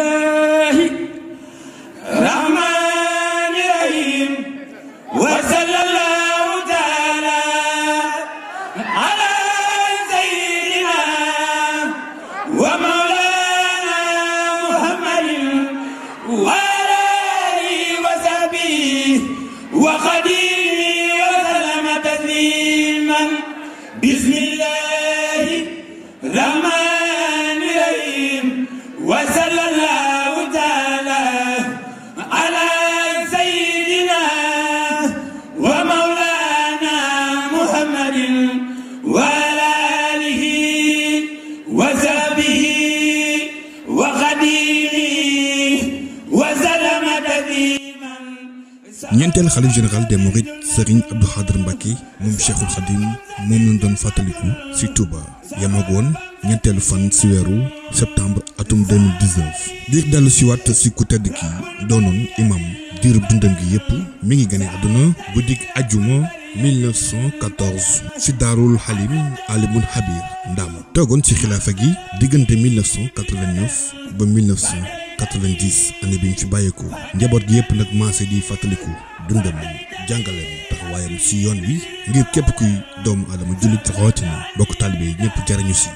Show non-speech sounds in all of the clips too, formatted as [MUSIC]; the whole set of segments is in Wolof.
الله ñeenteel xalif général des Mourides Serigne Abdou Khadr Mbacké moom Cheikhul Khadim moom lañ doon fàttaliku ci Touba yamagoon ñetteelu fan ci weeru septembre atum 2019 diir dellu ci waat ci ku tedd ki doonoon imam diirub dundam gi yépp mi ngi gën gane àdduna guddik ajjuma 1914 ci daarul xalim alimul xabir ndaam toogoon ci xilaafa gi diggante 1989 ba 1990 année bi ñu fi bàyyeekoo njaboot gi yépp nag maase di fàttaliku dundam jàngaleem waaye si yoon wi ngir képp kuy doomu aadama jullit rawatina bokk taalibe yi ñëpp jariñu si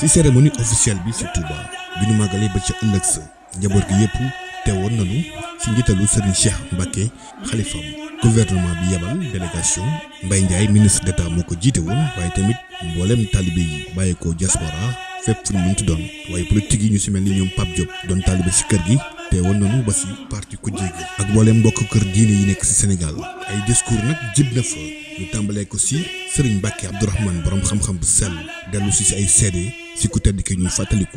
si cérémonie officielle bi si Touba bi ñu màggalee ba ca ëllëg sa njaboot gi yëpp teewoon nañu si njiitalu Serigne Cheikh Mbacké xalifam gouvernement bi yebal délégation mbay Ndiaye ministre d'État moo ko jiite waaye tamit mboolem taalibe yi bàyyeekoo diaspora fépp fu ñu mënti doon waaye politique yi ñu si mel ni ñoom Pape Diop doon taalibe si kër gi. te nañu ba si parti ku jéegi ak mbooleem mbokk kër diine yi nekk si Sénégal ay discours nag jib na fa ñu tàmbalee ko si Serigne Mbacke Abdourahmane borom xam-xam bu sell dellu si si ay seede si ku tedd ki ñuy fàttaliku.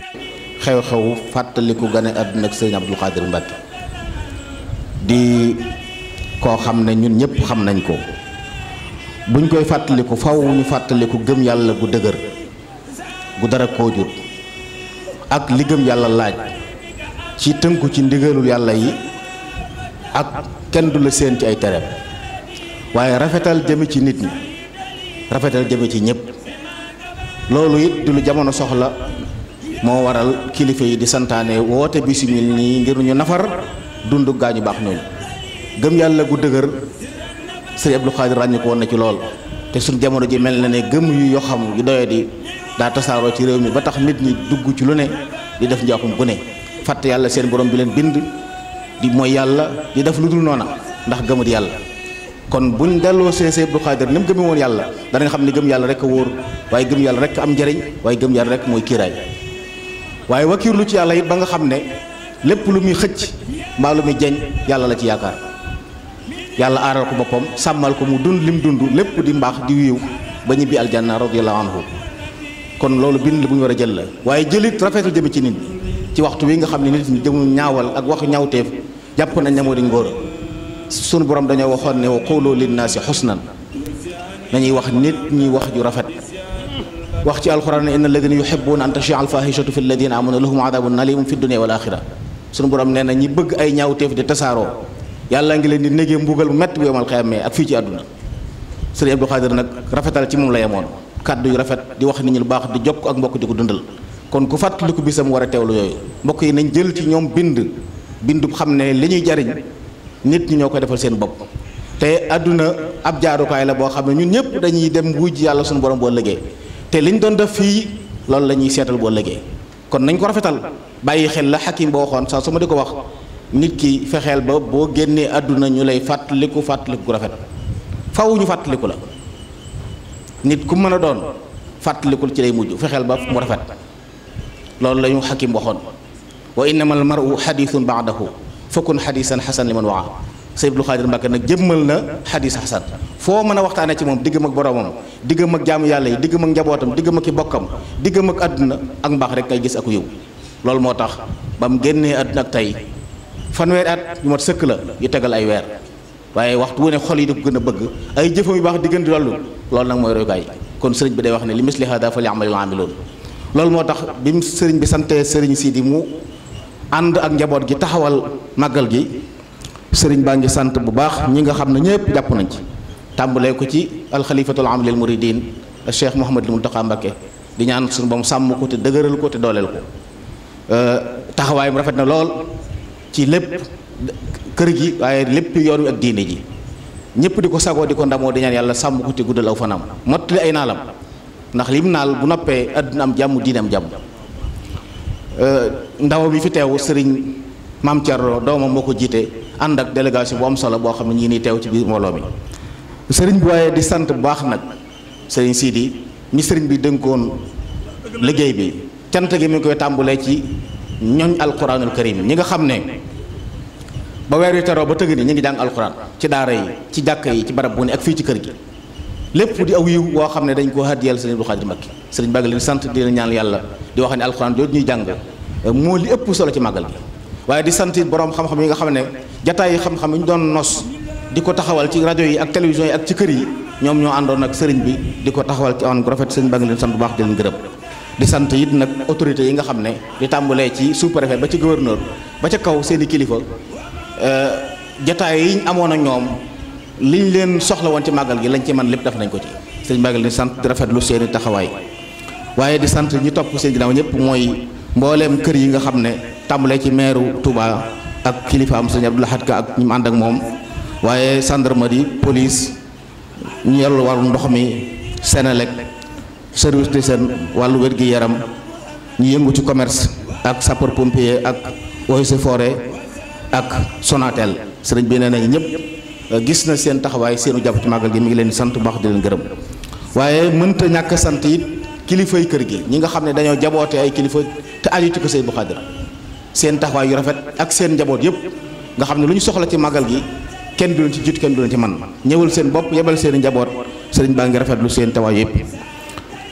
xew-xew fàttaliku gane àdduna ak Serigne Abdou Khadir di koo xam ne ñun ñëpp xam nañ ko buñ koy fàttaliku faw ñu fàttaliku gëm yàlla gu dëgër gu dara koo jut ak li gëm yàlla laaj. ci tënku ci ndigalul yàlla yi ak kenn du la séen ci ay tereem waaye rafetal jëme ci nit ñi rafetal jëme ci ñëpp loolu it du lu jamono soxla moo waral kilifa yi di santaane woote bisimil nii ngir ñu nafar dund gaañu baax ñooñu gëm yàlla gu dëgër sëriñ Abdou Khadir ràññi ko na ci lool te suñ jamono ji mel na ne gëm yu yoo xam di daa tasaaroo ci réew mi ba tax nit ñi dugg ci lu ne di def njaaxum ku ne fàtt yàlla seen borom bi leen bind di mooy yàlla di def lu dul noona ndax gëmut yàlla kon buñ delloo see see Abdou Khadir ni mu gëmee woon yàlla danañ xam ne gëm yàlla rek a wóor waaye gëm yàlla rek am njëriñ waaye gëm yàlla rek mooy kiiraay waaye lu ci yàlla it ba nga xam ne lépp lu muy xëcc mbaa lu muy jeñ yàlla la ci yaakaar yàlla aaral ko boppam sàmmal ko mu dund lim dund lépp di mbaax di wiiw ba ñibbi aljanna radiyallahu anhu a jël la waaye jëlit rafetul jëme ci waxtu wi nga xam ne nit ñi jëmu ñaawal ak wax ñaawteef jàpp nañ na moo di ngóor sunu borom dañoo waxoon ne wa qulu linnaasi xusnan nañuy wax nit ñi wax ju rafet wax ci alxuraan yu inna alladina yuhibbuna an tashia alfahishatu fi alladina amanu lahum adabun alimun fi dunia wal axira sunu borom nee na ñi bëgg ay ñaawteef di tasaaroo yàlla ngi leen di négee mbugal bu métti bu yomal xiyamee ak fii ci àdduna sëriñ Abdou Xaadir nag rafetal ci moom la yemoon kàddu yu rafet di wax nit lu baax di jokk ak mbokk di ko dundal kon ku fàttaliku bisam war a teewlu yooyu mbokk yi nañ jël ci ñoom bind bind xam ne li ñuy jariñ nit ñi ñoo ko defal seen bopp te àdduna ab jaarukaay la boo xam ne ñun ñëpp dañuy dem wujj yàlla suñu borom boo léggéey te li ñu doon def fii loolu lañuy seetal boo léggéey kon nañ ko rafetal bàyyi xel la xakim boo waxoon saa su ma di ko wax nit ki fexeel ba boo génnee àdduna ñu lay fàttaliku fàttaliku ku rafet faw ñu fàttaliku la nit ku mën a doon ci lay mujj fexeel ba mu rafet loolu la ñu xakim waxoon wa innama al maru xadithun baadahu fakun xadisan xasan li man waa Sëñ Abdul Xaadir Mbàkke nag jëmmal na xadis xasan foo mën a waxtaanee ci moom diggam ak boromam diggam ak jaamu yàlla yi diggam ak njabootam diggam ak i bokkam diggam ak àdduna ak mbaax rek ngay gis ak yow loolu moo tax ba mu génnee àdduna ak tey fanweer at yu mat sëkk la yu tegal ay weer waaye waxtu wu ne xol yi di a bëgg ay jëfam yu baax di gën di loolu loolu nag mooy royukaay kon sëriñ bi day wax ne li misli hada fa li amalul aamiloon loolu moo tax bi mu sëriñ bi santee sëriñ di mu ànd ak njaboot gi taxawal màggal gi sëriñ baa ngi sant bu baax ñi nga xam ne ñëpp jàpp nañ ci tàmbulee ko ci alxalifatul am lil muridin cheikh Mouhamadul Mountakha Mbacké di ñaan suñu boom sàmm ko te dëgëral ko te dooleel ko euh, taxawaayam rafet na lool ci lépp kër gi waaye lépp yoon wi ak diine ji ñëpp di ko sagoo di ko ndamoo di ñaan yàlla sàmm ko te guddal aw fanam mottali ay naalam ndax lim naal bu noppee àddina am jàmm diine am jàmm euh, ndaw bi fi teew sëriñ maam Thierno doomam moo ko jiite ànd ak délégation bu am solo boo xam ne ñii nii teew ci biir mbooloo mi sëriñ bi waaye di sant bu baax nag sëriñ siidi mi sëriñ bi dénkoon liggéey bi cant gi mi ngi koy tàmbulee ci ñoñ alquranul karim ñi nga xam ne ba weer wi teroo ba tëgg ni ñu ngi jàng alquran ci daara yi ci jàkka yi ci barab bu ne ak fii ci kër gi. lépp di aw yiw woo xam ne dañ koo hadiyal sëriñ Abdou Khadre Mbacké sëriñ bàgg leen sant di leen ñaan yàlla di wax ne alxuraan jooju ñuy jàng moo li ëpp solo ci màggal gi waaye di sant borom xam yi nga xam ne jataay yi xam-xam ñu doon nos di ko taxawal ci rajo yi ak télévision yi ak ci kër yi ñoom ñoo àndoon ak sëriñ bi di ko taxawal ci on gu rafet sëriñ bàgg leen sant bu baax di leen gërëm di sant it nag autorités yi nga xam ne di tàmbalee ci sous-préfet ba ci gouverneur ba ca kaw seen i kilifa euh, jataay yi amoon ak liñ leen soxla woon ci màggal gi lañ ci man lépp def nañ ko ci sëñ màggal di sant di rafetlu seeni taxawaay waaye di sant ñi topp seen ginnaaw ñëpp mooy mbooleem kër yi nga xam ne tàmbalee ci meeru Touba ak kilifa am sëñ Abdou Lahad Ka ak màndak moom waaye gendarmerie police ñu yor wàllu ndox mi Senelec service de sen wàllu wér-gi-yaram ñu yëngu ci commerce ak sapeur pompier ak eaux et forêt ak Sonatel sëriñ bi nee nañ ñëpp Euh, gis na seen taxawaay seenu jàpp ci màggal gi mi ngi leen sant bu baax di leen gërëm waaye mënta ñàkk sant it kilifay kër gi ñi nga xam ne dañoo jaboote ay kilifa te aju ko Sëñ bu Xaadir seen taxawaay yu rafet ak seen njaboot yëpp nga xam ne lu ñu soxla ci màggal gi kenn du leen ci jiitu kenn du ci man ñëwal seen bopp yebal seen i njaboot seriñ baa ngi rafetlu seen tawaay yëpp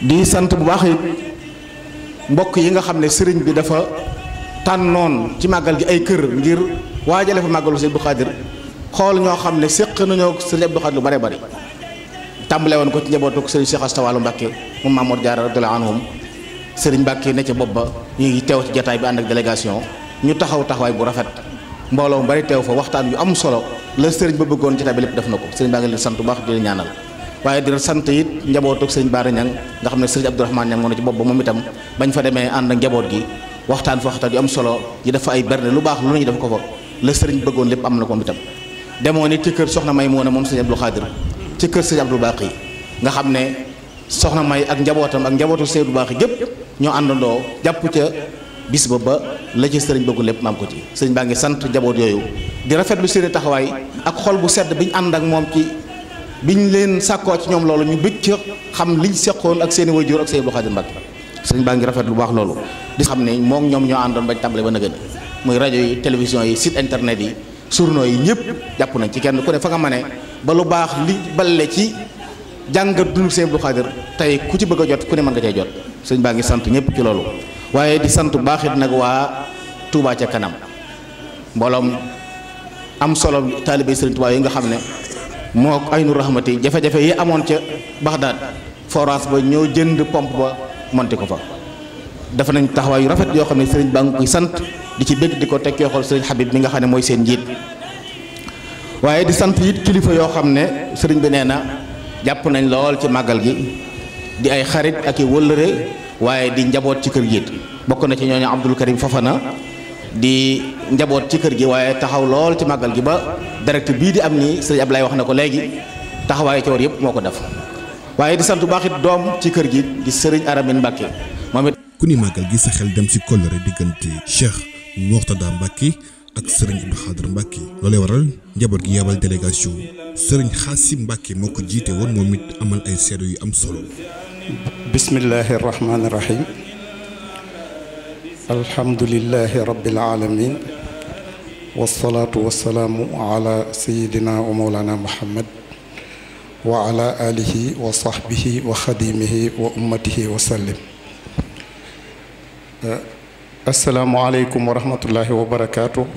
di sant bu baax mbokk yi nga xam ne sëriñ bi dafa tànnoon ci màggal gi ay kër ngir waajale fa màggalu Sëñ bu Xaadir xool ñoo xam ne séq nañoo sëriñ Abdou Khadre lu bare bari tàmbale woon ko ci njabootu sëriñ Cheikh Asta Walo Mbàkke mu Mamour Diarra radiyallahu anhum sëriñ Mbàkke ne ca bopp ba ñu ngi teew ci jataay bi ànd ak délégation taxaw taxawaay bu rafet mbooloo mu bari teew fa waxtaan yu am solo la sëriñ ba bëggoon jataay bi lépp def na ko sëriñ baa ngi leen sant bu baax di leen ñaanal waaye di sant it njabootu nga xam ne sëriñ Abdourahmane Ñang moo ci bopp ba moom itam bañ fa demee ànd njaboot gi waxtaan fa waxtaan yu am solo ñu def ay berne lu baax lu ñu def ko fa la sëriñ bëggoon lépp am na ko moom itam demoon nit ci kër soxna may moona moom sëñ Abdou Khadir ci kër sëñ baax yi nga xam ne soxna may ak njabootam ak njabootu bu baax Baqi gépp ñoo àndandoo jàpp ca bis ba ba la ci sëriñ bëggu lépp maam ko ci sëriñ baa ngi sant njaboot yooyu di rafetlu seeni taxawaay ak xol bu sedd biñ ànd ak moom ci biñ leen sàkkoo ci ñoom loolu ñu bëgg ca xam liñ seqoon ak seeni waajur ak sëñ Abdou Khadir Mbacke sëriñ baa ngi rafetlu bu baax loolu di xam ne moom ñoom ñoo àndoon bañ tàmbale ba nëgën muy rajo yi télévision yi site internet yi surno yi ñëpp jàpp nañ ci kenn ku ne fa nga ma ne ba lu baax li balle ci jàngat dund sëñ Abdou Khadir tey ku ci bëgg a jot ku ne mën nga cee jot sëñ baa ngi sant ñëpp ci loolu waaye di sant baaxit nag waa tuubaa ca kanam mbooloom am solo taalibe Sëriñ Touba yi nga xam ne moo aynu rahmati jafe-jafe yi amoon ca Baxdaad forage ba ñoo jënd pompe ba monte ko fa def nañ taxawaay yu rafet yoo xam ne sëriñ baa ngi koy sant di ci bëgg di ko teg yoo xool sëriñ Habib mi nga xam ne seen njiit di sant it kilifa yoo xam ne sëriñ bi nee na jàpp nañ lool ci màggal gi di ay xarit ak i wëllëre waaye di njaboot ci kër gi it bokk na ci ñooñu Abdul Karim Fafana di njaboot ci kër gi waaye taxaw lool ci màggal gi ba direct bii di am nii sëriñ Ablaye wax na ko léegi taxawaayu coor yëpp moo ko def waaye di sant bu baax it doom ci kër gi di sëriñ Aramine Mbacke moom it. ku ni màggal gi sa xel dem si kóllëre diggante Cheikh. Mourtada Mbacke ak Serigne Abdou Khadre Mbacke loolee waral njaboot gi yabal délégation Serigne Xaasim Mbacke moo ko jiite woon moom it amal ay seede yu am solo. bismillahi rahmaani rahim. alhamdulilahi rabbil alamin wasalaatu wasalaamu ala sayidina alihi wa wa xadimihi wa asalaamualeykum wa rahmatullahi wa barakaatu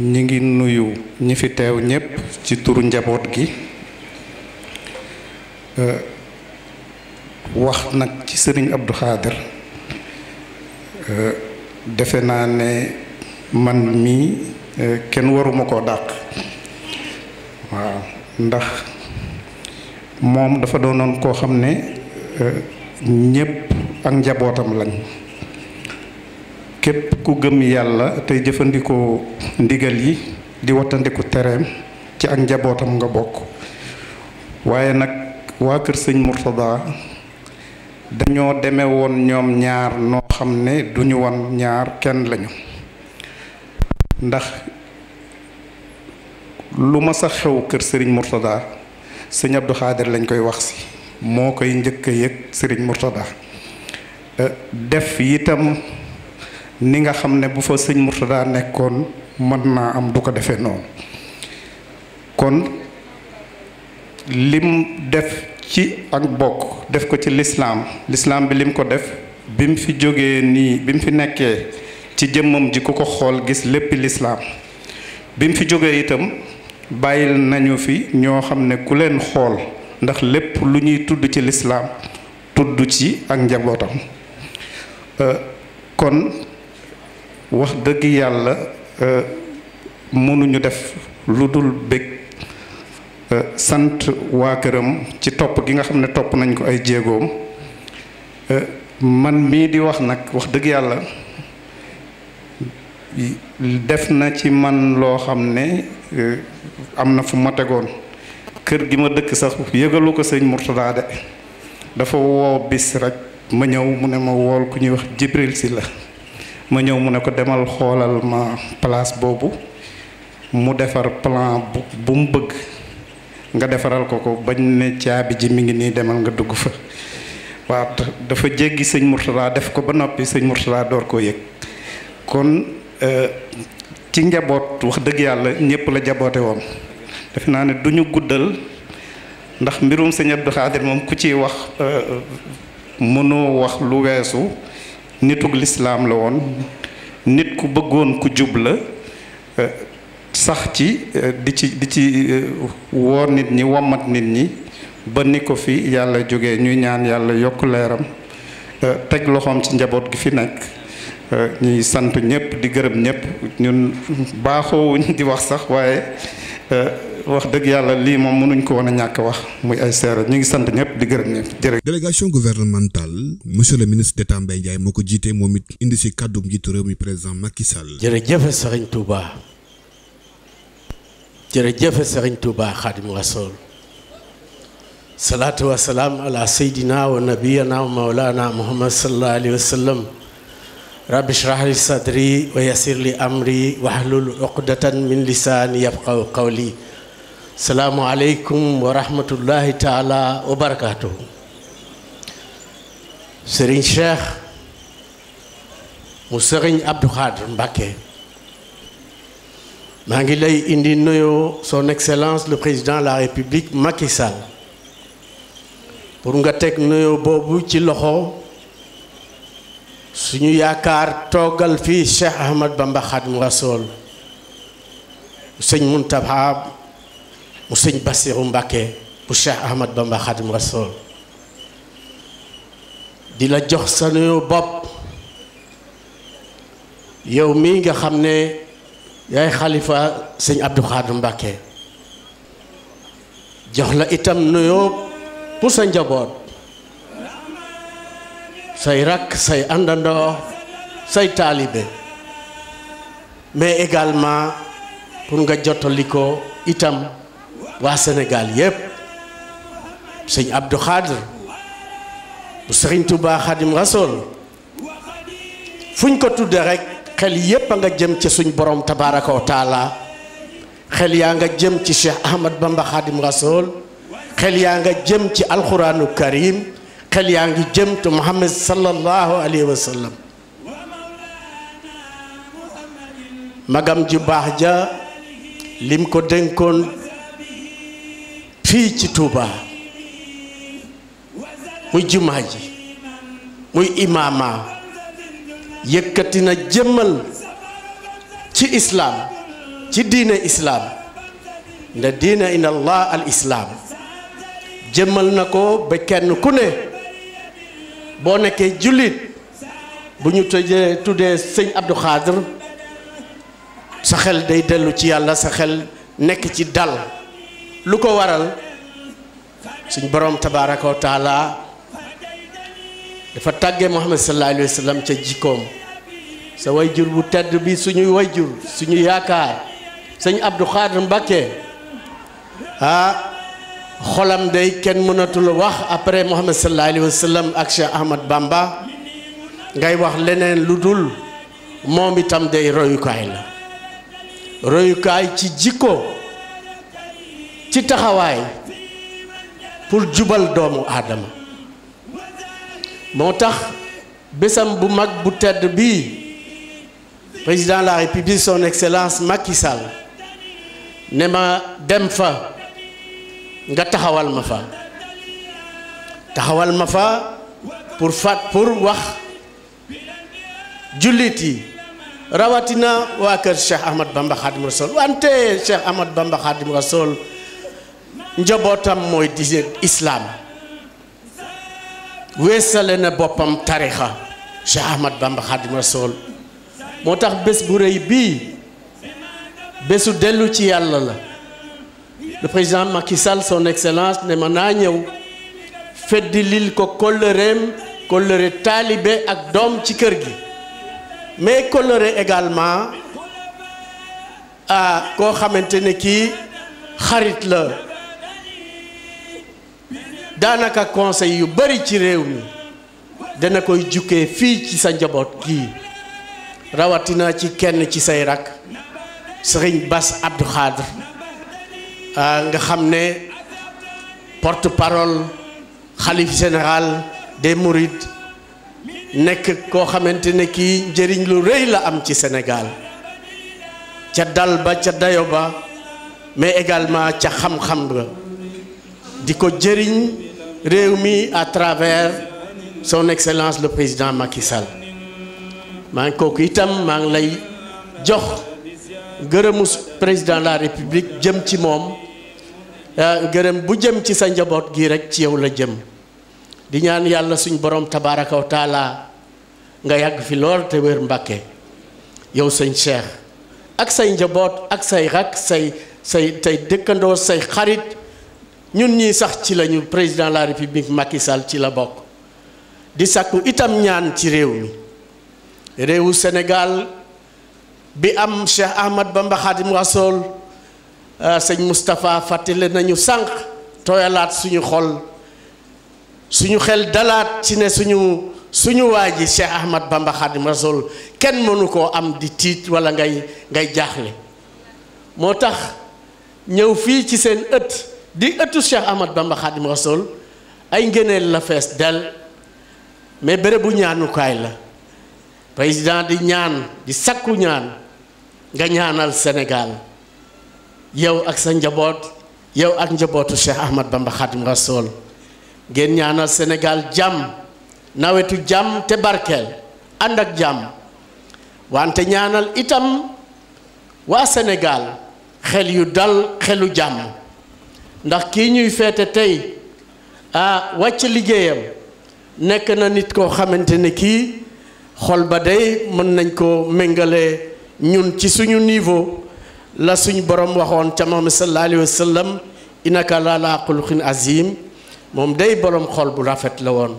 ñi ngi nuyu ñi fi teew ñépp ci turu njaboot gi euh, wax nag ci sëriñ Abdou Khader euh, defe naa ne man mii euh, kenn waruma koo dàq waaw ndax moom dafa doonoon koo xam ne ñépp ak njabootam lañ képp ku gëm yàlla tey jëfandikoo ndigal yi di wattandiku tereem ci ak njabootam nga bokk waaye nag waa kër sëñ Mourtada dañoo deme woon ñoom ñaar noo xam ne duñu wan ñaar kenn lañu ndax lu ma sa xew kër sëriñ Mourtada sëñ Abdou Khadir lañ koy wax si moo koy njëkk a yëg sëriñ Mourtada def itam ni nga xam ne bu fa sëñ Mourtada nekkoon mën naa am du ko defee noonu kon lim def ci ak bokk def ko ci lislaam lislaam bi lim ko def bi mu fi jógee nii bi mu fi nekkee ci jëmmam ji ku ko xool gis léppi lislaam bi mu fi jógee itam bàyyil nañu fi ñoo xam ne ku leen xool ndax lépp lu ñuy tudd ci lislaam tudd ci ak njabootam Euh, kon wax dëgg yàlla euh, mënuñu def lu dul bëgg euh, sant waa këram ci topp gi nga xam ne topp nañ ko ay jéegoom man mii di wax nag wax dëgg yàlla def na ci man loo xam ne am na fu ma tegoon kër gi ma dëkk sax yëgalu ko sëñ Mourtada de dafa woo bis rek ma ñëw mu ne ma wool ku ñuy wax Jibril si la ma ñëw mu ne ko demal xoolal ma place boobu mu defar plan bu mu bëgg nga defaral ko ko bañ ne caabi ji mi ngi nii demal nga dugg fa waaw dafa jéggi sëñ Mourtala def ko ba noppi sëñ Mourtala door koo yëg kon euh, ci njaboot wax dëgg yàlla ñëpp la jaboote woon defe naa ne duñu guddal ndax mbirum sëñ Abdou Khadir moom ku ciy wax euh, mënoo wax lu weesu nitug lislaam la woon nit ku bëggoon ku jub la euh, sax ci euh, di ci di ci euh, woor nit ñi wommat nit ñi ba ni ko fi yàlla jóge ñuy ñaan yàlla yokk leeram teg loxoom ci njaboot gi fi nag ñuy sant ñëpp di gërëm ñëpp ñun baaxoowuñ di wax sax waaye wax dëgg yàlla lii moom mënuñ ko woon a ñàkk wax muy ay seere ñu ngi sant ñëpp di gërëm ñëpp jërëjëf. délégation gouvernementale monsieur le ministre d'État Mbaye Ndiaye moo ko jiite moom it indi si kàddu njiitu réew mi président Macky Sall. jërëjëf Serigne Touba jërëjëf Serigne Touba Xaadimu salaatu wa salaam ala wa nabiyana wa mawlana Muhammad sallallahu alayhi rabbi shrah li wa yassir li amri wahlul uqdatan min lisaani yafqahu qawli salaamualeykum wa sëriñ Cheikh mu sëriñ Abdou Khadr Mbacké maa ngi lay indi nuyoo son excellence le président la république Macky Sall pour nga teg nuyoo boobu ci loxo suñu yaakaar toogal fi Cheikh Ahmad Bamba Khadim Rassoul sëñ Mountakha bu sëñ Basiru Mbàkke bu Cheikh Ahmad Bamba Xadim Rasul di la jox sa bopp yow mii nga xam ne xalifa sëñ Abdou Xadim Mbàkke jox la itam nuyoo pour sa njaboot say rakk say àndandoo say taalibe mais également pour nga jottali itam waa Sénégal yépp sëñ Abdou Khadr bu sëriñ Touba Khadim Rasoul fuñ ko tuddee rekk xel yépp a nga jëm ci suñ borom tabaraka wa taala xel yaa nga jëm ci Cheikh xel yaa nga jëm ci alquranu karim xel yaa ngi jëm ci Muhammad sallallahu alayhi magam ju baax ja lim ko dénkoon fii ci tuuba muy jumaa ji muy imaama yëkkati na jëmmal ci islaam ci diine islaam nde diine inna allah al islaam jëmmal na ko ba kenn ku ne boo nekkee jullit bu ñu tëjee tuddee sëñ Abdou Khadr sa xel day dellu ci yàlla sa xel nekk ci dal lu ko waral suñ borom tabaraka wa dafa tàgge Muhammad sallallahu alayhi wa sallam ca jikkoom sa wayjur bu tedd bi suñuy wayjur suñu yaakaar sëñ abdu Khadr Mbacké ah xolam day kenn mënatul wax après Muhammad sallallahu alayhi wa sallam ak Cheikh Ahmad Bamba ngay wax leneen lu dul moom itam day royukaay la royukaay ci jikko ci taxawaay pour jubal doomu aadama moo tax bésam bu mag bu tedd bii président de la république son excellence Macky Sall ne ma dem fa nga taxawal ma fa taxawal ma fa pour fat pour wax jullit yi rawatina waa kër Cheikh Ahmad Bamba Khadim Rassoul wante Cheikh Ahmad Bamba Khadim Rassoul njabootam mooy diine islaam weesale na boppam tarixa Cheikh Ahmad Bamba Xaadimu Rasuul moo tax bés bu rëy bii bésu dellu ci yàlla la le président Macky Sall son excellence ne ma naa ñëw feddi lil ko kóllëreem kóllëre taalibe ak doom ci kër gi mais kóllëre également ah koo xamante ne kii xarit la daanaka conseil yu bari ci réew mi dana koy jukkee fii ci sa njaboot gii rawatina ci kenn ci say rak sëriñ Bass Abdou Khadre ah, nga xam ne porte-parole xalif général de mourides nekk koo xamante ne kii njëriñ lu rëy la am ci Sénégal ca dal ba ca dayo ba mais également ca xam-xam nga di ko jëriñ réew mi à travers son excellence le président Macky Sall maa ngi kooku itam maa ngi lay jox gërëmu président la république jëm ci moom euh, gërëm bu jëm ci sa njaboot gi rek ci yow la jëm di ñaan yàlla suñ borom tabaraka wa nga yàgg fi lool te wér mbàkke yow sëñ Cheikh ak say njaboot ak say rak say say tey dëkkandoo say xarit ñun ñii sax ci lañu président la république Macky Sall ci la bokk di sàkku itam ñaan ci réew mi réewu Sénégal bi am Cheikh Ahmad Bamba Khadim Rassoul euh, sëñ Moustapha fàttale nañu sànq tooyalaat suñu xol suñu xel dalaat ci ne suñu suñu waa ji Cheikh Ahmad Bamba Khadim Rassoul kenn mënu koo am di tiit walla ngay ngay jaaxle moo tax ñëw fii ci seen ëtt. di ëttu Cheikh Ahmad Bamba Xaadim Rasul ay ngëneel la fees del mais bërëbu ñaanukaay la président di ñaan di sakku ñaan nga ñaanal Sénégal yow ak sa njaboot yow ak njabootu Cheikh Ahmad Bamba Xaadim Rasul ngeen ñaanal Sénégal jàmm nawetu jàmm te barkeel ànd ak jàmm wante ñaanal itam waa Sénégal xel yu dal xelu jàmm ndax kii ñuy feete tey ah wàcc liggéeyam nekk na nit koo xamante ne kii xol ba day mën nañ ko méngale ñun ci suñu niveau la suñu borom waxoon ca Muhammad sallallahu alayhi wa sallam innaka la laa xuluqin azim moom day borom xol bu rafet la woon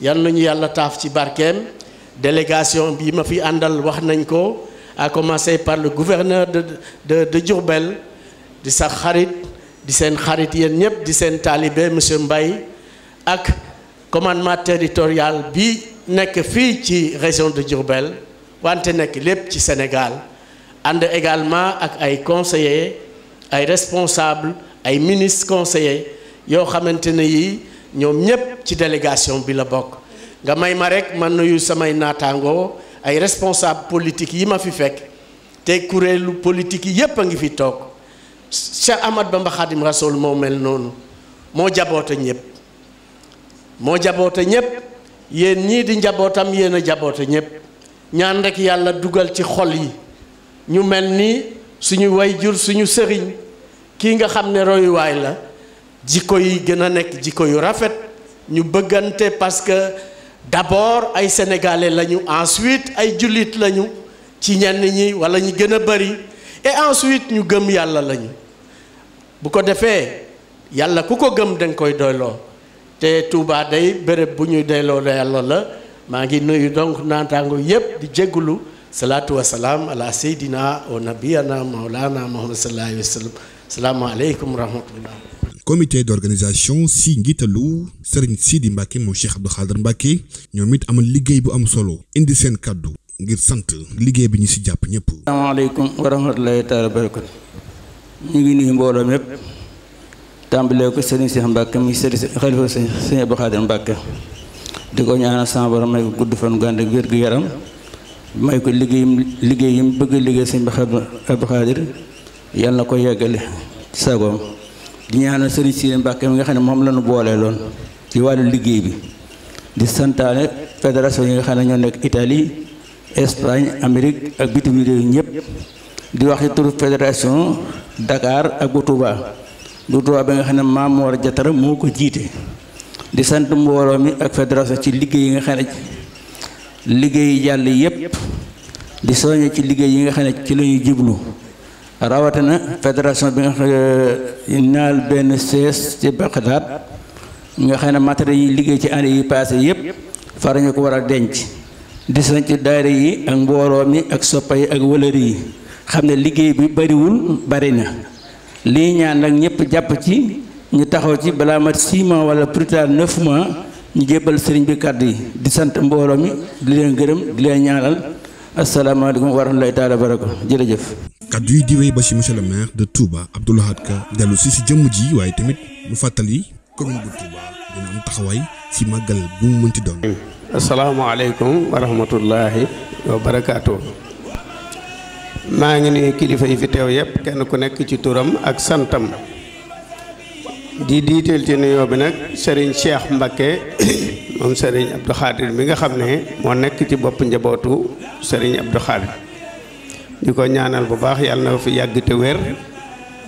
yal nañu yàlla taaf ci barkeem délégation bi ma fi àndal wax nañ ko à commencer par le gouverneur de de de Diourbel di sax xarit di seen xarit yéen ñëpp di seen taalibe monsieur mbay ak commandement territorial bi nekk fii ci région de Diourbel wante nekk lépp ci Sénégal ànd également ak ay conseillers ay responsables ay ministres conseillers yoo xamante ne yi ñoom ñëpp ci délégation bi la bokk nga may ma rek man nuyu samay naataangoo ay responsables politiques yi ma fi fekk te kuréelu politique yi yépp a ngi fi toog Cheikh Ahmad Bamba Xaadim moo mel noonu moo jaboote ñëpp moo jaboote ñëpp yéen ñii di njabootam yéen a jaboote ñëpp ñaan yàlla dugal ci xol yi ñu mel ni suñu way jur suñu sëriñ kii nga xam ne royuwaay la jikko yi gën a nekk jikko yu rafet ñu bëggante parce que d'abord ay sénégalais lañu ensuite ay jullit lañu ci ñenn ñi walla ñu gën a bari et ensuite ñu gëm yàlla lañu. bu ko defee yàlla ku ko gëm da koy doyloo te Touba day béréb bu ñuy doyloo yàlla la maa ngi nuyu donc naataango yépp di jéggulu salaatu wa salaam ala seydina wa nabiyana maulana muhammad sallallahu alayhi wa sallam salaamaaleykum wa rahmatullah comité d'organisation si ñoom it amal liggéey bu am solo indi seen kàddu ngir sant liggéey bi ñu si jàpp ñëpp. salaamaaleykum wa ñu ngi nuyu mbooloo mépp tàmbalee ko sëriñ Cheikh Mbacke mi sëriñ xalifa sëriñ Abdou Khadir Mbacke di ko ñaanal sama borom may ko gudd fan gu ànd ak yaram may ko liggéey liggéey yi mu bëgg liggéey sëriñ Abdou Khadir yàlla na ko yeggale sagoom di ñaanal sëriñ Cheikh mi nga xam ne moom la ñu boolee loon ci wàllu liggéey bi di santaane fédération yi nga xam ne ñoo nekk itali Espagne Amérique ak bitim réew ñëpp di wax ci turu fédération Dakar ak bu Touba bu Touba bi nga xam ne Maam Moor Jatara moo ko jiite di sant mbooloo mi ak fédération ci liggéey yi nga xam ne liggéey jàll yépp di soññe ci liggéey yi xam ne ci la jublu rawatina fédération bi nga xam ne naal benn sees ci Bagdad nga xam ne matériel yi liggéey ci année yi passé yépp far ñu ko war a denc di sant daayira yi ak mbooloo mi ak soppa yi ak wëlëri yi xam ne liggéey bi bariwul bari na lii ñaan nag ñëpp jàpp ci ñu taxaw ci balaa ma 6 mois wala plus tard 9 ñu jébbal sëriñ bi kàddu yi di sant mbooloo mi di leen gërëm di leen ñaanal asalaamaaleykum wa rahmatulahi taala barako jërëjëf. kàddu yi di wéy ba si monsieur le maire de Touba Abdou Lahad Ka dellu si si jëmm ji waaye tamit mu fàttali commune bu Touba dina am taxawaay si màggal bu mu mënti doon. asalaamaaleykum wa rahmatulahi wa barakaatu. maa ngi nuyu kilifa yi fi teew yépp kenn ku nekk ci turam ak santam di diiteel ci nuyoo bi nag sëriñ Cheikh Mbakke moom Serigne Abdou Khadir nga xam ne moo nekk ci bopp njabootu sëriñ Abdou Khadir di ko ñaanal bu baax yàlla na fi yàgg te wér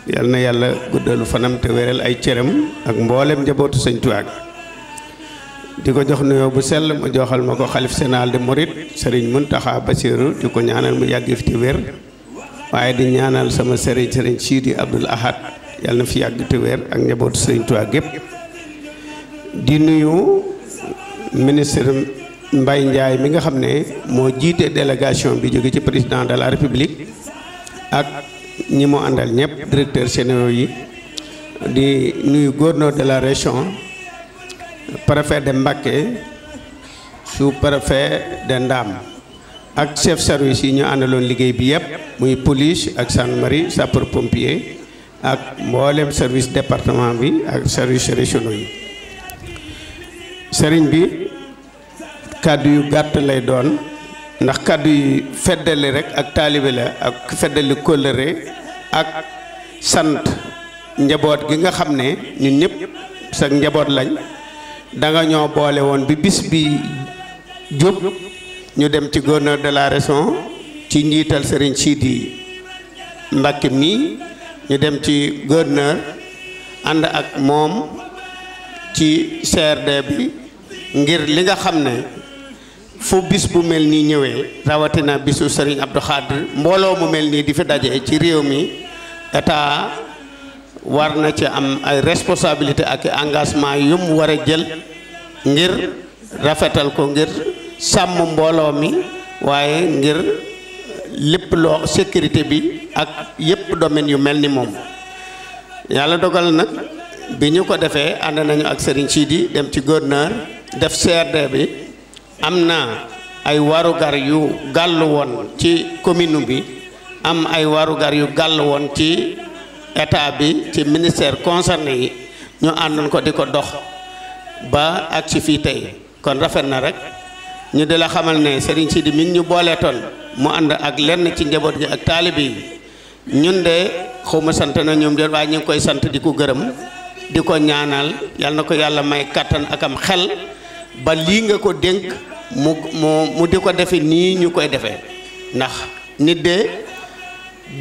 yàlla na yàlla guddalu fanam te wéral ay cëram ak mboolem njabootu Sëñ Tuubaa di ko jox nuyoo bu sell mu joxal ma ko xalif général de Mouride Serigne Mountakha Bassirou di ko ñaanal mu yàgg fi te wér waaye di ñaanal sama sëriñ sëriñ Sidi Abdoul Ahad yàlla na fi yàgg te ak njabootu Serigne Touba gépp di nuyu ministre Mbaye Ndiaye mi nga xam ne moo jiite délégation bi jóge ci président de la république ak ñi mu àndal ñëpp directeur généraux yi di nuyu gouverneur de la région. préfet de Mbacké sous-préfet de Ndam ak chef service yi ñu àndaloon liggéey bi yëpp muy police ak gendarmerie sapeur pompier ak mboolem service département bi ak service régionaux yi sëriñ bi kàddu yu gàtt lay doon ndax kàddu yi feddali rek ak taalibe la ak feddali kóllëre ak sant njaboot gi nga xam ne ñun ñëpp sa njaboot lañ danga ñoo boole woon bi bis bi jub ñu dem ci gouverneur de la région ci njiital sëriñ Serigne Sidi Mbacke mi ñu dem ci gouverneur ànd ak moom ci CRD bi ngir li nga xam ne fu bis bu mel nii ñëwee rawatina bisu sëriñ Abdou Khadr mbooloo mu mel nii di fi daje ci réew mi état war na ci am ay responsabilité ak engagement yum war jël ngir rafetal ko ngir sàmm mbooloo mi waaye ngir lépp loo sécurité bi ak yépp domaine yu mel ni moom yàlla dogal nag bi ñu ko defee ànd nañu ak Serigne Sidi dem ci gouverneur def CRD bi am na ay warugar yu gàll woon ci commune bi am ay warugar yu gàll woon ci état bi ci ministère concerné yi ñu àndoon ko di ko dox ba ak ci fii tey kon rafet na rek ñu di la xamal ne Serigne Sidi mi ngi ñu booleetoon mu ànd ak lenn ci njaboot gi ak taalibe yi ñun de xawma sant na ñoom de waaye ñu ngi koy sant di ko gërëm di ko ñaanal yal na ko yàlla may kàttan ak am xel ba lii nga ko dénk mu mu mu di ko defe nii ñu koy defee ndax nit de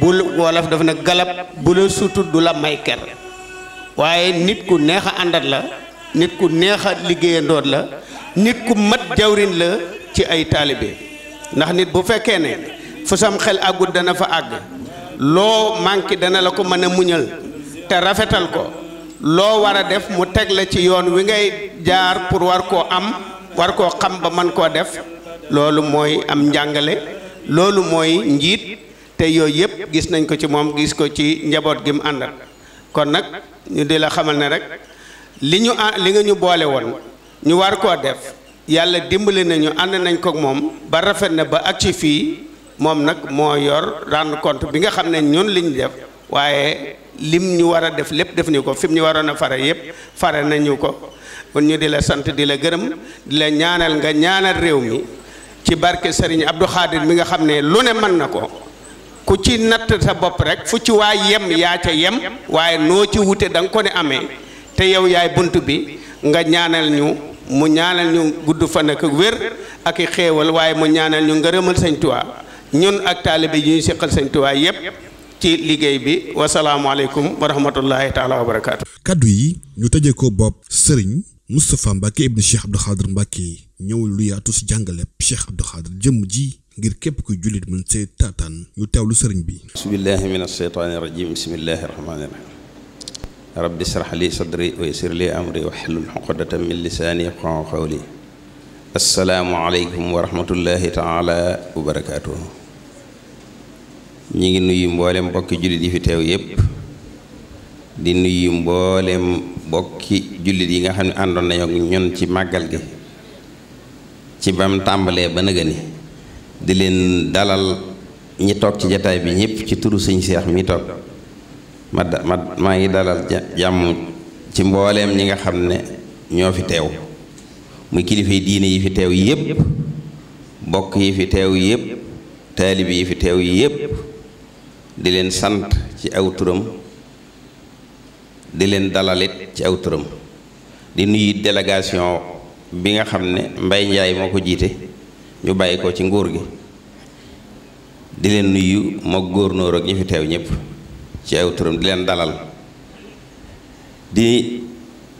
bul wolof dafa ne galab bu la sutut du la may ker waaye nit ku neexa a la nit ku neexa liggéeyandoot la nit ku mat jawrin la ci ay taalibe ndax nit bu fekkee ne fu sam xel àggut dana fa àgg loo manqué dana la ko mën a muñal te rafetal ko loo war a def mu teg la ci yoon wi ngay jaar pour war koo am war koo xam ba mën koo def loolu mooy am njàngale loolu mooy njiit te yooyu yëpp gis nañ ko ci moom gis ko ci njaboot gi mu àndal kon nag ñu di la xamal ne rek li ñu li nga ñu boole woon ñu war koo def yàlla dimbali nañu ànd nañ ko moom ba rafet na ba ak ci fii moom nag moo yor rendre compte bi nga xam ne ñun li ñu def waaye lim ñu war a def lépp def ñu ko fi mu ñu waroon a fare yëpp fare nañu ko kon ñu di la sant di la gërëm di la ñaanal nga ñaanal réew mi ci barke Serigne Abdou Khadir mi nga xam ne lu ne mën na ko ku ci natt sa bopp rek fu ci waa yem yaa ca yem waaye noo ci wute da nga ko ne amee te yow yaay bunt bi nga ñaanal ñu mu ñaanal ñu gudd fan ak wér ak i xéewal waaye mu ñaanal ñu ngërëmal Sëñ Tuubaa ñun ak taalibe yi ñu seqal Sëñ Tuubaa yépp ci liggéey bi wasalaamualeykum wa rahmatullahi taala wa barakaatu. kàddu yi ñu tëjee ko bopp sëriñ Moustapha Mbacke ibnu Cheikh Abdou Khadr Mbacke ñëw lu yaatu si jàngale Cheikh Abdou Khadr jëmm ji. ngir képp ku jullit mën see taataan ñu teewlu sëriñ bi bismillahi min asheytaani rajim bismillahi rahmaani rahim rabbi israh li sadri wa yassir li amri wahlul uqdatan min lisaani yafqahu qawli assalaamu aleykum wa rahmatullahi taala wa ñi ngi nuyu mboolem mbokki jullit yi fi teew yépp di nuyu mboolem mbokki jullit yi nga xam ne àndoon nañu ñun ci màggal gi ci bam tàmbalee ba nëgëni di leen dalal ñi toog ci jataay bi ñëpp ci turu suñ seex mi toog ma ma maa ngi dalal jàmm ci mbooleem ñi nga xam ne ñoo fi teew muy kilifa diine yi fi teew yëpp bokk yi fi teew yëpp taalibi yi fi teew yëpp di leen sant ci aw turam di leen dalalit ci aw turam di nuyu délégation bi nga xam ne Mbaye Ndiaye moo ko jiite ñu bàyyi ko ci ngóor gi di leen nuyu moog góornóor ak ñi fi teew ñëpp ci aw di leen dalal di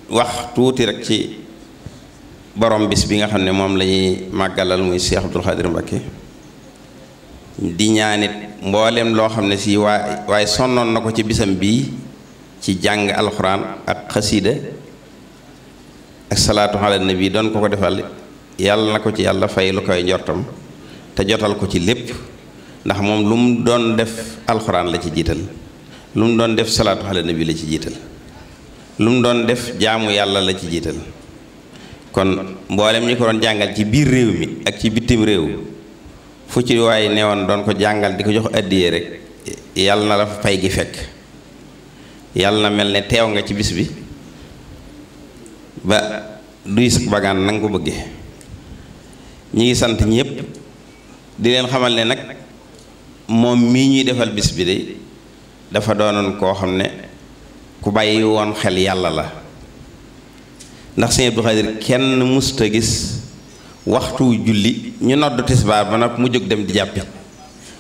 wax tuuti rek ci borom bis bi nga xam ne moom lañuy màggalal muy Cheikh Abdoul Khadir Mbacké di ñaanit mboolem loo xam ne si waaye sonnoon na ko ci bisam bii ci jàng alxuraan ak xasiida ak salaatu ala nabi doon ko ko defal yàlla na ko ci yàlla fay lu koy njortam te jotal ko ci lépp ndax moom lu mu doon def alxuraan la ci jiital lu mu doon def salaatu ala nabi la ci jiital lu mu doon def jaamu yàlla la ci jiital kon mboolem ñi ko doon jàngal ci biir réew mi ak ci bitim réew fu ci waaye newoon doon ko jàngal di ko jox addiyee rek yàlla na la fa fay gi fekk yàlla na mel ne teew nga ci bis bi ba duy sa bagaan na ko bëggee ñi ngi sant ñëpp di leen xamal ne nag moom mii ñuy defal bis bi de dafa doonoon koo xam ne ku bàyyi woon xel yàlla la ndax sëñ Abdou Khadir kenn musta gis waxtu julli ñu noddu tisbaar ba nag mu jóg dem di jàppi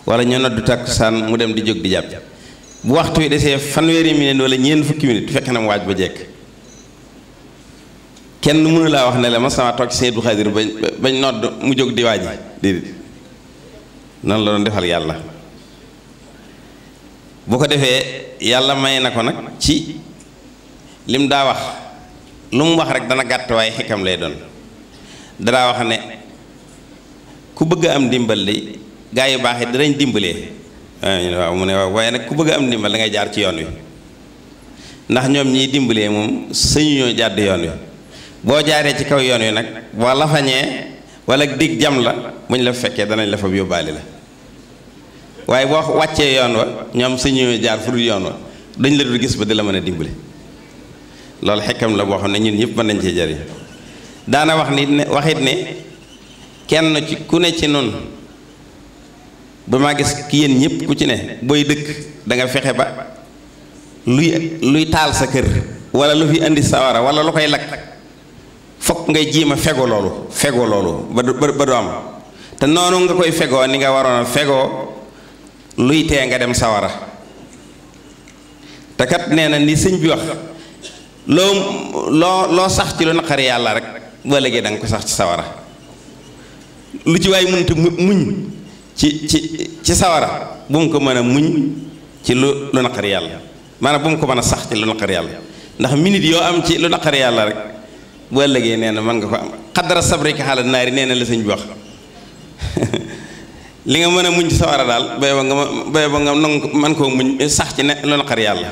wala ñu noddu takkusaan mu dem di jóg di jàppi bu waxtu wi desee fanweeri minute wala ñeent fukki minute fekk na mu waaj ba jekk kenn mënu laa wax ne la ma sama toog Seydou Xadir ba bañ nodd mu jóg di waaji noonu la doon defal yàlla bu ko defee yàlla may na ko nag ci lim daa wax lu mu wax rek dana gàtt waaye xikam lay doon danaa wax ne ku bëgg am dimbal li gaa yu baax yi danañ dimbalee ah, waaw mu ne waaw waaye nag ku bëgg am dimbal da ngay jaar ci yoon wi ndax ñoom ñii dimbalee moom sëñu ñoo jàdd yoon wi boo jaaree ci kaw yoon wi nag boo lafañee wala digg jam la bu ñu la fekkee danañ la fa yóbbaale la waaye boo wàccee yoon wa ñoom suñu jaar fu dul yoon wa dañ la dul gis ba di la mën a dimbale loolu xekkam la boo xam ne ñun ñëpp mën nañ cee jariñ daana wax nit ne waxit ne kenn ci ku ne ci noonu ba maa gis ki yéen ñëpp ku ci ne booy dëkk da nga fexe ba luy luy taal sa kër wala lu fi indi sawara wala lu koy lakk fokk ngay jéem a fego loolu fego loolu ba du ba du am te noonu nga koy fegoo ni nga waroon a fegoo luy tee nga dem sawara te kat nee na ni sëñ bi wax loo loo sax ci lu naqari yàlla rek boo léegi da nga ko sax ci sawara lu ci waay mënut muñ ci ci ci sawara bu mu ko mën a muñ ci lu lu naqari yàlla maanaam bu mu ko mën a sax ci lu naqari yàlla ndax minute yoo am ci lu naqari yàlla rek bu ëllëgee nee na mën nga ko am xaddara sabrika xaalal naari nee na la sëñ bi wax [LAUGHS] li nga mën a muñ sawara daal bay ba nga bay ba nga nangu man koo muñ sax ci ne loolu xar yàlla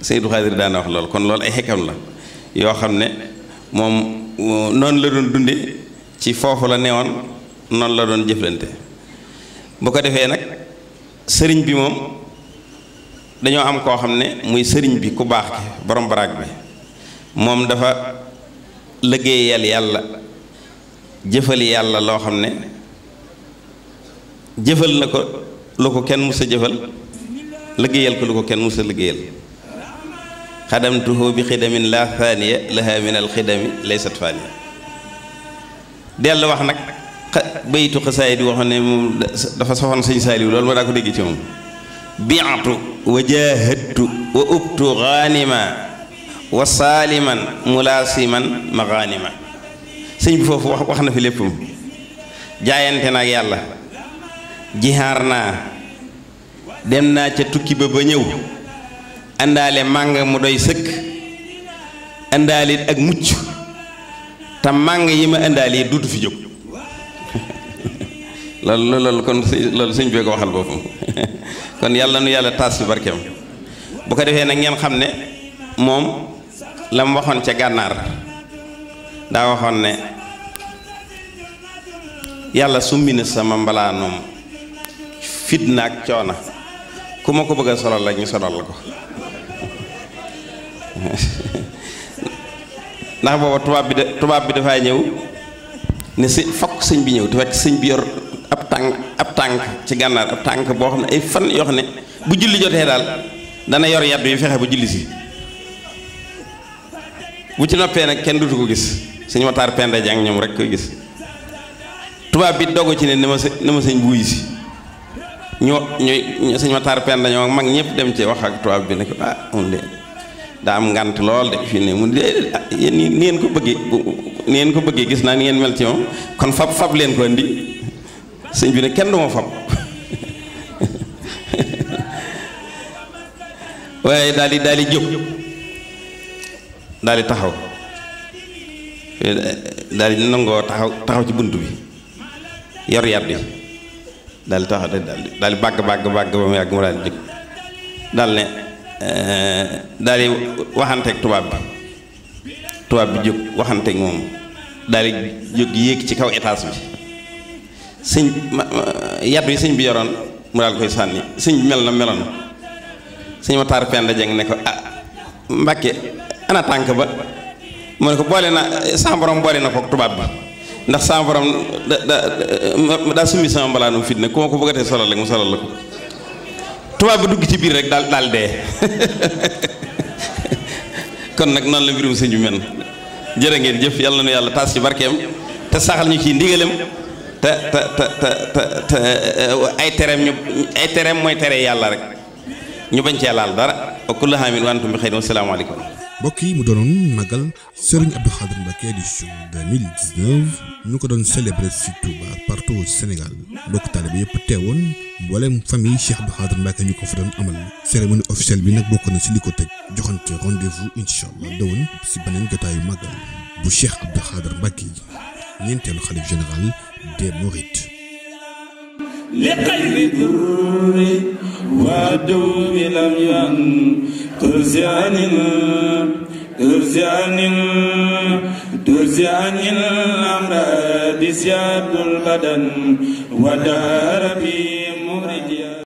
Seydou Xaadir daana wax loolu kon loolu ay xekkam la yoo xam ne moom noonu la doon dunde ci foofu la newoon noonu la doon jëflante bu ko defee nag sëriñ bi moom dañoo am koo xam ne muy sëriñ bi ku baax ki borom baraag bi moom dafa liggéeyal yàlla jëfal yàlla loo xam ne jëfal na ko lu ko kenn musa jëfal liggéeyal ko lu ko kenn musa liggéeyal xadamtuhu bi xidamin la faaniya laha min alxidami laysat faaniya dellu wax nag baytu xasaayid wax ne moom dafa soxoon sëñ Saaliw loolu ma daa ko dégg ci moom biatu wa jaahadtu wa ubtu ghanima wa saaliman mulaasiman maxaanima sëñ bi foofu wax wax na fi léppam jaayante naa ak yàlla jihaar naa dem naa ca tukki ba ba ñëw àndaale màng mu doy sëkk àndaalit ak mucc te màng yi ma àndaale duutu fi jóg [LAUGHS] loolu loolu kon loolu sëñ bi ko waxal boppam [LAUGHS] kon yàlla nu yàlla taas fi barkeem bu ko defee nag ngeen xam ne moom la waxoon ca gànnaar daa waxoon ne yàlla sumbi na sama mbalaanoom na ak coona ku ma ko bëgg a solal la ñu solal la ko [LAUGHS] ndax booba tubaab bi de tubaab bi dafay ñëw ne si fokk sëñ bi ñëw te fekk sëñ bi yor ab tànk ab tànk ci gànnaar ab tànk boo xam ne ay fan yoo ne bu julli jotee daal dana yor yàddu yi fexe bu julli si bu ci noppee nag kenn du dutu ko gis suñu mataar penda jàng ñoom rek koy gis tubaab bi dogu ci ne ni ma sa ni ma sëñ bu si ñu ñu suñu mataar penda ñoom mag ñëpp dem ci wax ak tubaab bi ne ko ah mun de daa am ngant lool de fii ne mun de ah, yéen ni ngeen ko bëggee ni ngeen ko bëggee gis naa ni ngeen mel ci moom kon fab fab leen ko indi sëñ bi ne kenn du ma fab [LAUGHS] waaye daal di daal di jóg daal di taxaw dal di nangoo taxaw taxaw ci bunt bi yor yat bi daal di taxaw daal di bàgg bàgg bàgg ba mu yàgg mu daal di jóg daal ne eh, daal di waxanteeg tubaab bi tubaab bi jóg waxanteeg moom daal di jóg yéeg ci kaw etaas bi sëñ yat bi sëñ bi yoroon mu dal koy sànni sëñ mel na meloon sëñ Matar Penda Jeng ne ko ah Mbàkke ana tànk ba moo ne ko boole na sa boole na ko tubaab bi ndax sa da da daa summi sama mbalaanum fitna ku ma ko bëggatee solal rek mu solal la ko tubaab bi dugg ci biir rek daal daal dee [LAUGHS] kon nag noonu la mbirum sëñ bi mel ngeen jëf yàlla na yàlla taas ci barkeem te saxal ñu ci ndigalem te te te te eh, ay tereem ñu ay tereem mooy tere yàlla rek ñu bañ cee laal dara wa kullu haamin wa antum bi xeyrin wa salaamu aleykum bokk yi mu doonoon magal Serigne Abdou Khadre Mbacké édition 2019 ñu ko doon célébrer ci Touba partout au Sénégal mbokk taalibe yëpp teewoon mboolem famille Cheikh Abdou Khadre Mbacké ñu ko fa doon amal cérémonie officielle bi nag bokk na ci li ko teg joxante rendez-vous incha allah dawoon ci beneen jotaayu magal bu Cheikh Abdou Khadre Mbacké ñeenteelu xalif général des Mourides لقير ضر وعدو لم ترزعن ترزعن ترزعن الأمراض سياد البدن ودار بهم